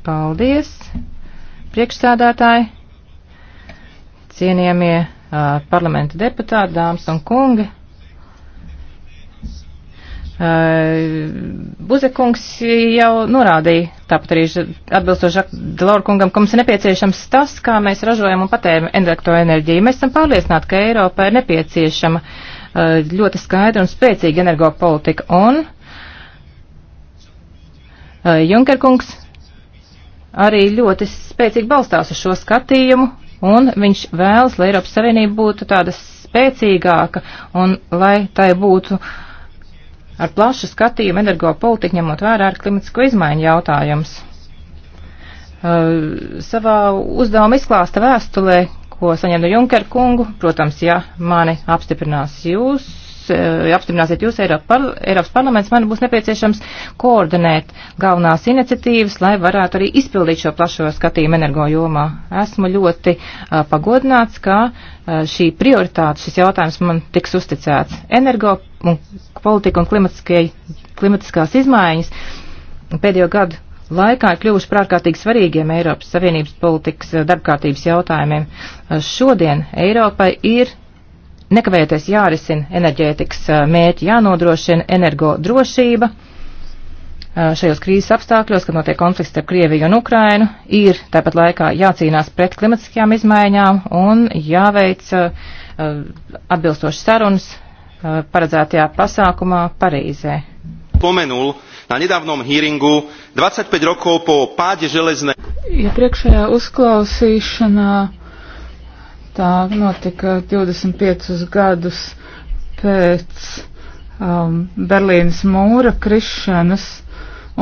Paldies, priekšsādātāji, cienījamie uh, parlamenta deputāti, dāmas un kungi. Uh, Buzekungs jau norādīja, tāpat arī atbilstoši Delauru kungam, ka mums ir nepieciešams tas, kā mēs ražojam un patērjam elektroenerģiju. Mēs esam pārliecināti, ka Eiropai ir nepieciešama uh, ļoti skaidra un spēcīga energo politika. Un uh, Junkerkungs arī ļoti spēcīgi balstās uz šo skatījumu, un viņš vēlas, lai Eiropas Savienība būtu tāda spēcīgāka un lai tai būtu ar plašu skatījumu energopolitiku ņemot vērā ar klimatisko izmaiņu jautājums. Uh, savā uzdevuma izklāsta vēstulē, ko saņem no Junkera kungu, protams, ja mani apstiprinās jūs Eh, apstiprināsiet jūs Eiropa, Eiropas parlaments, man būs nepieciešams koordinēt galvenās iniciatīvas, lai varētu arī izpildīt šo plašo skatījumu energo jomā. Esmu ļoti uh, pagodināts, ka uh, šī prioritāte, šis jautājums man tiks uzticēts. Energo un politika un klimatiskās izmaiņas pēdējo gadu laikā ir kļuvuši par ārkārtīgi svarīgiem Eiropas Savienības politikas darbkārtības jautājumiem. Šodien Eiropai ir Nekavējoties jārisina enerģētikas mērķi, jānodrošina energo drošība. Šajos krīzes apstākļos, kad notiek konflikts starp Krieviju un Ukrainu, ir tāpat laikā jācīnās pret klimatiskajām izmaiņām un jāveic atbilstošas sarunas paredzētajā pasākumā Parīzē. Pomenul na nedávnom hearingu 25 rokov po páde železnej. Iepriekšējā ja uzklausīšanā Tā notika 25 gadus pēc um, Berlīnas mūra krišanas,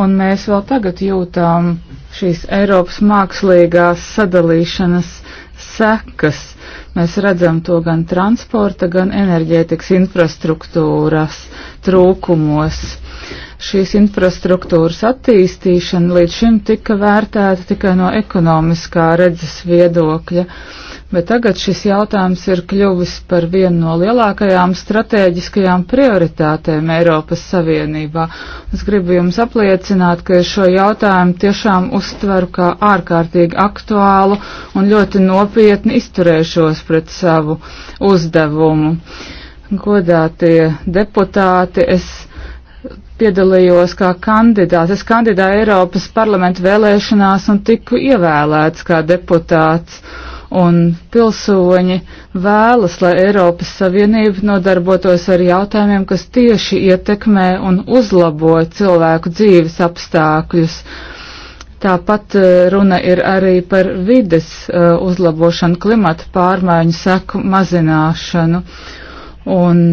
un mēs vēl tagad jūtām šīs Eiropas mākslīgās sadalīšanas sekas. Mēs redzam to gan transporta, gan enerģētikas infrastruktūras trūkumos. Uh, šīs infrastruktūras attīstīšana līdz šim tika vērtēta tikai no ekonomiskā redzes viedokļa, bet tagad šis jautājums ir kļuvis par vienu no lielākajām strateģiskajām prioritātēm Eiropas Savienībā. Es gribu jums apliecināt, ka šo jautājumu tiešām uztveru kā ārkārtīgi aktuālu un ļoti nopietni izturēšos pret savu uzdevumu. Godātie deputāti, es piedalījos kā kandidāts. Es kandidāju Eiropas parlamentu vēlēšanās un tiku ievēlēts kā deputāts. Un pilsoņi vēlas, lai Eiropas Savienība nodarbotos ar jautājumiem, kas tieši ietekmē un uzlabo cilvēku dzīves apstākļus. Tāpat eh, runa ir arī par vides uh, uzlabošanu, klimata pārmaiņu seku mazināšanu. Un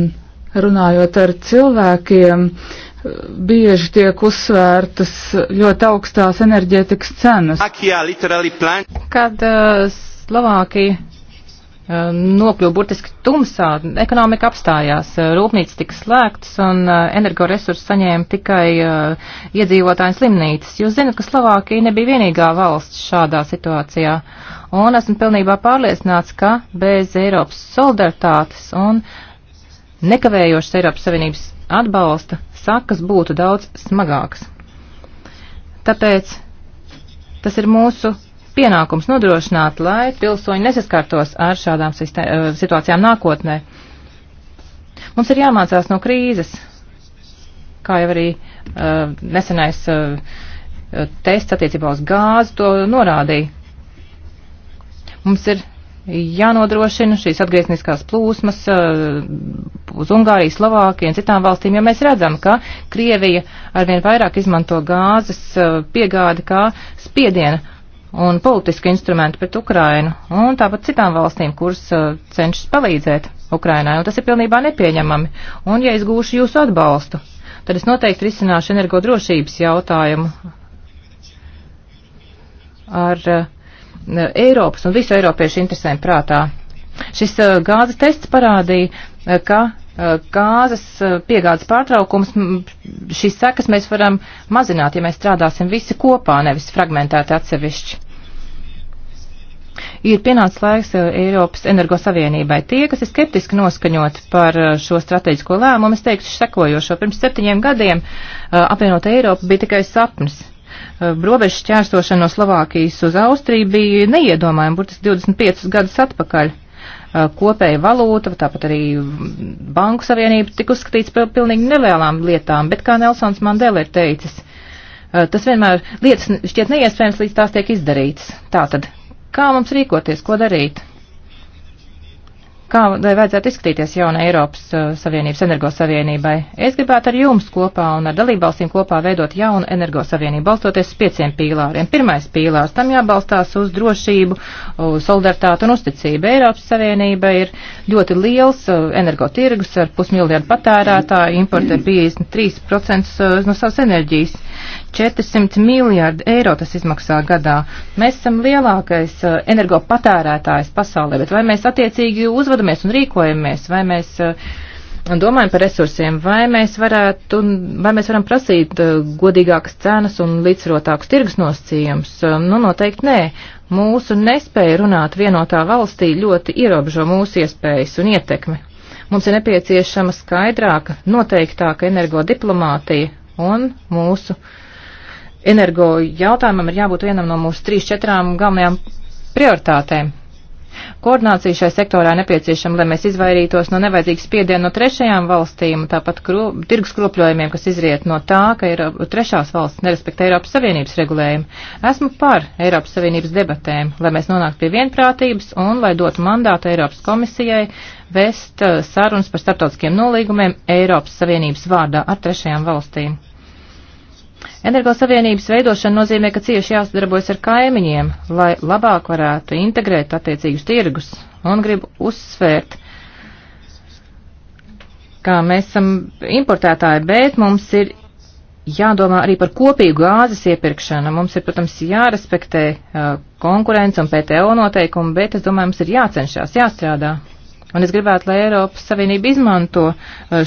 runājot ar cilvēkiem, uh, bieži tiek uzsvērtas ļoti augstās enerģētikas cenas. Kad uh, Slovākija uh, nokļuva burtiski tumsā, ekonomika apstājās, uh, rūpnīcas tika slēgtas un uh, energoresursi saņēma tikai uh, iedzīvotāji slimnīcas. Jūs zinat, ka Slovākija nebija vienīgā valsts šādā situācijā. Un esmu pilnībā pārliecināts, ka bez Eiropas solidaritātes un nekavējošas Eiropas Savienības atbalsta sakas būtu daudz smagākas. Tāpēc tas ir mūsu pienākums nodrošināt, lai pilsoņi nesaskartos ar šādām eh, situācijām nākotnē. Mums ir jāmācās no krīzes, kā jau arī uh, nesenais uh, tests attiecībā uz gāzi to norādīja. Mums ir jānodrošina šīs atgriezniskās plūsmas uh, uz Ungāriju, Slovākiju un citām valstīm, jo mēs redzam, ka Krievija arvien vairāk izmanto gāzes uh, piegādi kā spiediena un politisku instrumentu pret Ukrainu un tāpat citām valstīm, kuras uh, cenšas palīdzēt Ukrainai, un tas ir pilnībā nepieņemami. Un ja es gūšu jūsu atbalstu, tad es noteikti risināšu energodrošības jautājumu ar uh, Eiropas un visu Eiropiešu interesēm prātā. Šis eh, gāzes tests parādīja, eh, ka eh, gāzes piegādes pārtraukums, šīs sekas mēs varam mazināt, ja mēs strādāsim visi kopā, nevis fragmentēti atsevišķi. Ir pienācis laiks Eiropas energosavienībai. Tie, kas ir skeptiski noskaņot par šo strateģisko lēmumu, es teikšu sekojošo. Pirms septiņiem gadiem apvienota Eiropa bija tikai sapnis. Eh, robežu šķērsošana no Slovākijas uz Austriju bija neiedomājama, burtiski 25 gadus atpakaļ. Eh, kopēja valūta, tāpat arī Banku savienība tika uzskatīts par pilnīgi nevēlām lietām, bet kā Nelsons Mandela ir teicis, eh, tas vienmēr lietas šķiet neiespējams, līdz tās tiek izdarītas. Tātad, kā mums rīkoties, ko darīt? kā vajadzētu izskatīties jauna Eiropas uh, Savienības energosavienībai. Es gribētu ar jums kopā un ar dalībvalstīm kopā veidot jaunu energosavienību, balstoties uz pieciem pīlāriem. Pirmais pīlārs tam jābalstās uz drošību, uz solidaritāti un uzticību. Eiropas Savienība ir ļoti liels uh, energotirgus ar pusmiljardu patērētāju, importē 53% uh, no savas enerģijas. 400 miljārdi eiro tas izmaksā gadā. Mēs esam lielākais eh, energopatērētājs pasaulē, bet vai mēs attiecīgi uzvedamies un rīkojamies, vai mēs eh, domājam par resursiem, vai mēs, varētu, vai mēs varam prasīt eh, godīgākas cenas un līdzsvarotākus tirgus nosacījumus? Nu, noteikti nē. Mūsu nespēja runāt vienotā valstī ļoti ierobežo mūsu iespējas un ietekmi. Mums ir nepieciešama skaidrāka, noteiktāka energo diplomātija, Un mūsu energo jautājumam ir jābūt vienam no mūsu trīs, četrām galvenajām prioritātēm. Koordinācija šai sektorā nepieciešama, lai mēs izvairītos no nevajadzīgas spiediena no trešajām valstīm, tāpat kro, tirgus kropļojumiem, kas izriet no tā, ka ir trešās valsts nerespektē Eiropas Savienības regulējumu. Esmu par Eiropas Savienības debatēm, lai mēs nonāktu pie vienprātības un lai dotu mandātu Eiropas komisijai vest uh, sarunas par starptautiskiem nolīgumiem Eiropas Savienības vārdā ar trešajām valstīm. Energosavienības veidošana nozīmē, ka cieši jāsadarbojas ar kaimiņiem, lai labāk varētu integrēt attiecīgus tirgus. Un gribu uzsvērt, ka mēs esam importētāji, bet mums ir jādomā arī par kopīgu gāzes iepirkšanu. Mums ir, protams, jārespektē uh, konkurence un PTO noteikumi, bet es domāju, mums ir jācenšas, jāstrādā. Un es gribētu, lai Eiropas Savienība izmanto uh,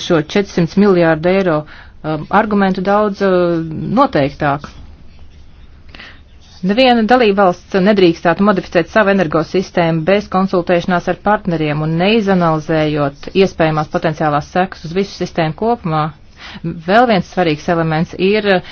šo 400 miljārdu eiro uh, Um, argumentu daudz uh, noteiktāk. Neviena dalībvalsts nedrīkstētu modificēt savu energosistēmu bez konsultēšanās ar partneriem un neizanalizējot iespējamās potenciālās sekas uz visu sistēmu kopumā, Vēl viens svarīgs elements ir uh,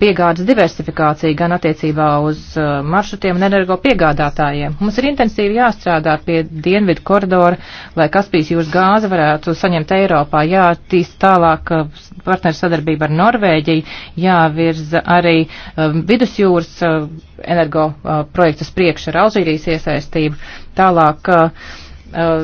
piegādes diversifikācija gan attiecībā uz uh, maršrutiem un energo piegādātājiem. Mums ir intensīvi jāstrādā pie dienvidu koridora, lai Kaspijas jūras gāze varētu saņemt Eiropā, jātīst tālāk uh, partneru sadarbība ar Norvēģiju, jāvirza arī um, vidusjūras energo projektus priekš ar Alžīrijas iesaistību. Tālāk Eh,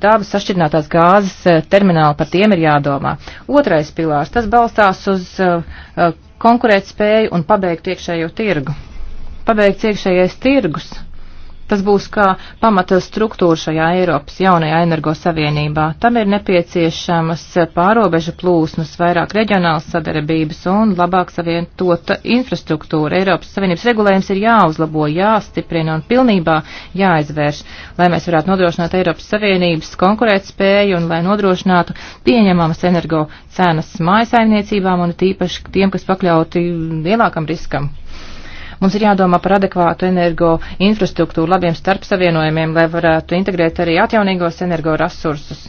dabas sašķidrinātās gāzes eh, termināli par tiem ir jādomā. Otrais pilārs, tas balstās uz eh, konkurētspēju un pabeigtu iekšējo tirgu. Pabeigts iekšējais tirgus Tas būs kā pamata struktūra šajā Eiropas jaunajā energosavienībā. Tam ir nepieciešamas pārobežu plūsmas, vairāk reģionāls sadarbības un labāk savientota infrastruktūra. Eiropas Savienības regulējums ir jāuzlabo, jāstiprina un pilnībā jāizvērš, lai mēs varētu nodrošināt Eiropas Savienības konkurētspēju un lai nodrošinātu pieņemamas energo cenas mājasaimniecībām un tīpaši tiem, kas pakļauti lielākam riskam, Mums ir jādomā par adekvātu energo infrastruktūru, labiem starpsavienojumiem, lai varētu integrēt arī atjaunīgos energo resursus.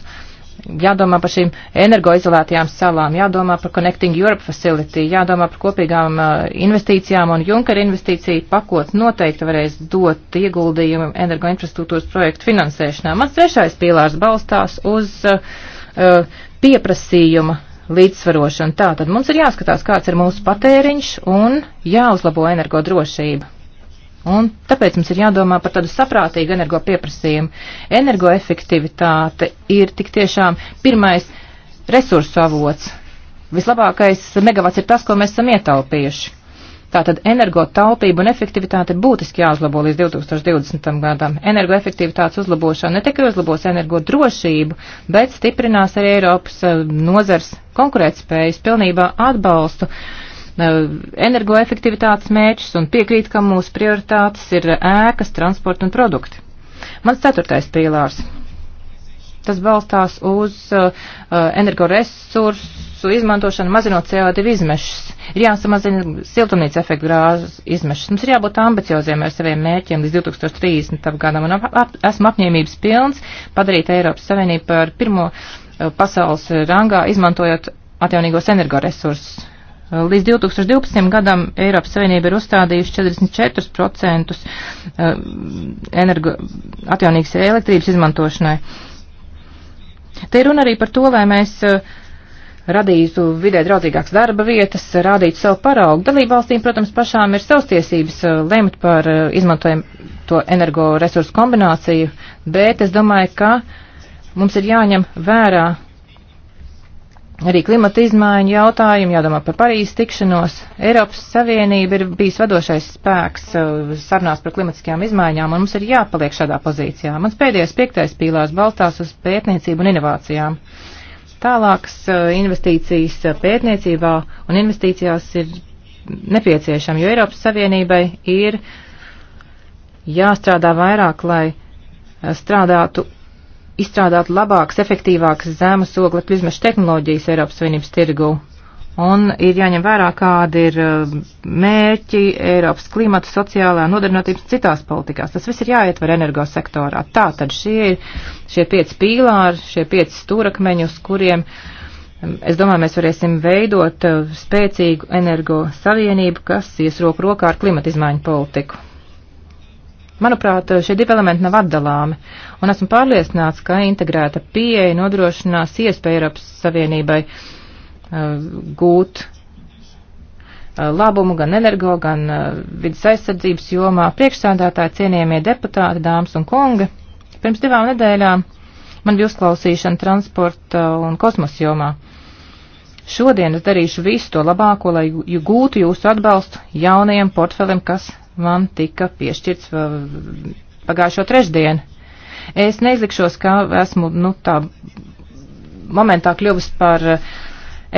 Jādomā par šīm energoizolētajām salām, jādomā par Connecting Europe Facility, jādomā par kopīgām uh, investīcijām un Junker investīciju pakots noteikti varēs dot ieguldījumu energoinfrastruktūras projektu finansēšanā. Mans trešais pīlārs balstās uz uh, uh pieprasījuma līdzsvarošanu. Tā tad mums ir jāskatās, kāds ir mūsu patēriņš un jāuzlabo energodrošība. Un tāpēc mums ir jādomā par tādu saprātīgu energo pieprasījumu. Energoefektivitāte ir tik tiešām pirmais resursu avots. Vislabākais megavats ir tas, ko mēs esam ietaupījuši. Tātad energotaupība un efektivitāte ir būtiski jāuzlabo līdz 2020. gadam. Energoefektivitātes uzlabošana ne tikai uzlabos energo drošību, bet stiprinās arī Eiropas eh, nozars konkurētspējas pilnībā atbalstu eh, energoefektivitātes mērķus un piekrīt, ka mūsu prioritātes ir ēkas, transporta un produkti. Mans ceturtais pīlārs Tas balstās uz uh, uh energoresursu izmantošanu, mazinot CO2 izmešas. Ir jāsamazina siltumnīca efektu grāzes izmešas. Mums ir jābūt ambicioziem ar saviem mērķiem līdz 2030. gadam, un ap, ap, esmu apņēmības pilns padarīt Eiropas Savienību par pirmo uh, pasaules rangā, izmantojot atjaunīgos energoresursus. Uh, līdz 2012. gadam Eiropas Savienība ir uzstādījusi 44% uh, energo, atjaunīgas elektrības izmantošanai. Uh, Te runa arī par to, vai mēs eh, radītu vidē draudzīgākas darba vietas, rādītu savu paraugu. Dalību valstīm, protams, pašām ir savas tiesības eh, lemt par eh, izmantojumu to energoresursu kombināciju, bet es domāju, ka mums ir jāņem vērā arī klimata izmaiņu jautājumu, jādomā par Parīzes tikšanos. Eiropas Savienība ir bijis vadošais spēks uh, sarunās par klimatiskajām izmaiņām, un mums ir jāpaliek šādā pozīcijā. Mans pēdējais piektais pīlārs balstās uz pētniecību un inovācijām. Tālākas uh, investīcijas uh, pētniecībā un investīcijās ir nepieciešama, jo Eiropas Savienībai ir jāstrādā vairāk, lai strādātu izstrādāt labākas, efektīvākas zemes oglekļu izmešu tehnoloģijas Eiropas Savienības tirgū. Un ir jāņem vērā, kādi ir uh, mērķi Eiropas klimata, sociālā nodarbinātības citās politikās. Tas viss ir jāietver energosektorā. Tā tad šie ir šie pieci pīlāri, šie pieci stūrakmeņi, uz kuriem, um, es domāju, mēs varēsim veidot uh, spēcīgu energo savienību, kas ies roku rokā ar klimata izmaiņu politiku. Manuprāt, šie divi elementi nav atdalāmi, un esmu pārliecināts, ka integrēta pieeja nodrošinās iespēju Eiropas Savienībai uh, gūt uh, labumu gan energo, gan uh, vidas aizsardzības jomā. Priekšsādātāji cienījamie deputāti, dāmas un kungi, pirms divām nedēļām man bija uzklausīšana transporta un kosmosa jomā. Šodien es darīšu visu to labāko, lai gūtu jūsu atbalstu jaunajam portfelim, kas man tika piešķirts pagājušo trešdienu. Es neizlikšos, ka esmu, nu, tā momentā kļuvusi par eh,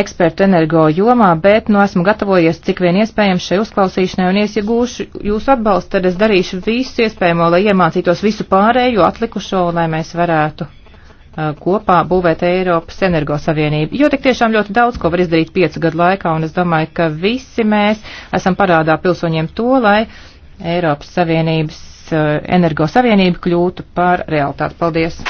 ekspertu energo jomā, bet, nu, esmu gatavojies cik vien iespējams šai uzklausīšanai, un, ja gūšu jūsu atbalstu, tad es darīšu visu iespējamo, lai iemācītos visu pārējo atlikušo, lai mēs varētu Uh, kopā būvēt Eiropas energosavienību. Jo tik tiešām ļoti daudz ko var izdarīt piecu gadu laikā, un es domāju, ka visi mēs esam parādā pilsoņiem to, lai Eiropas Savienības uh, energosavienība kļūtu par realitāti. Paldies!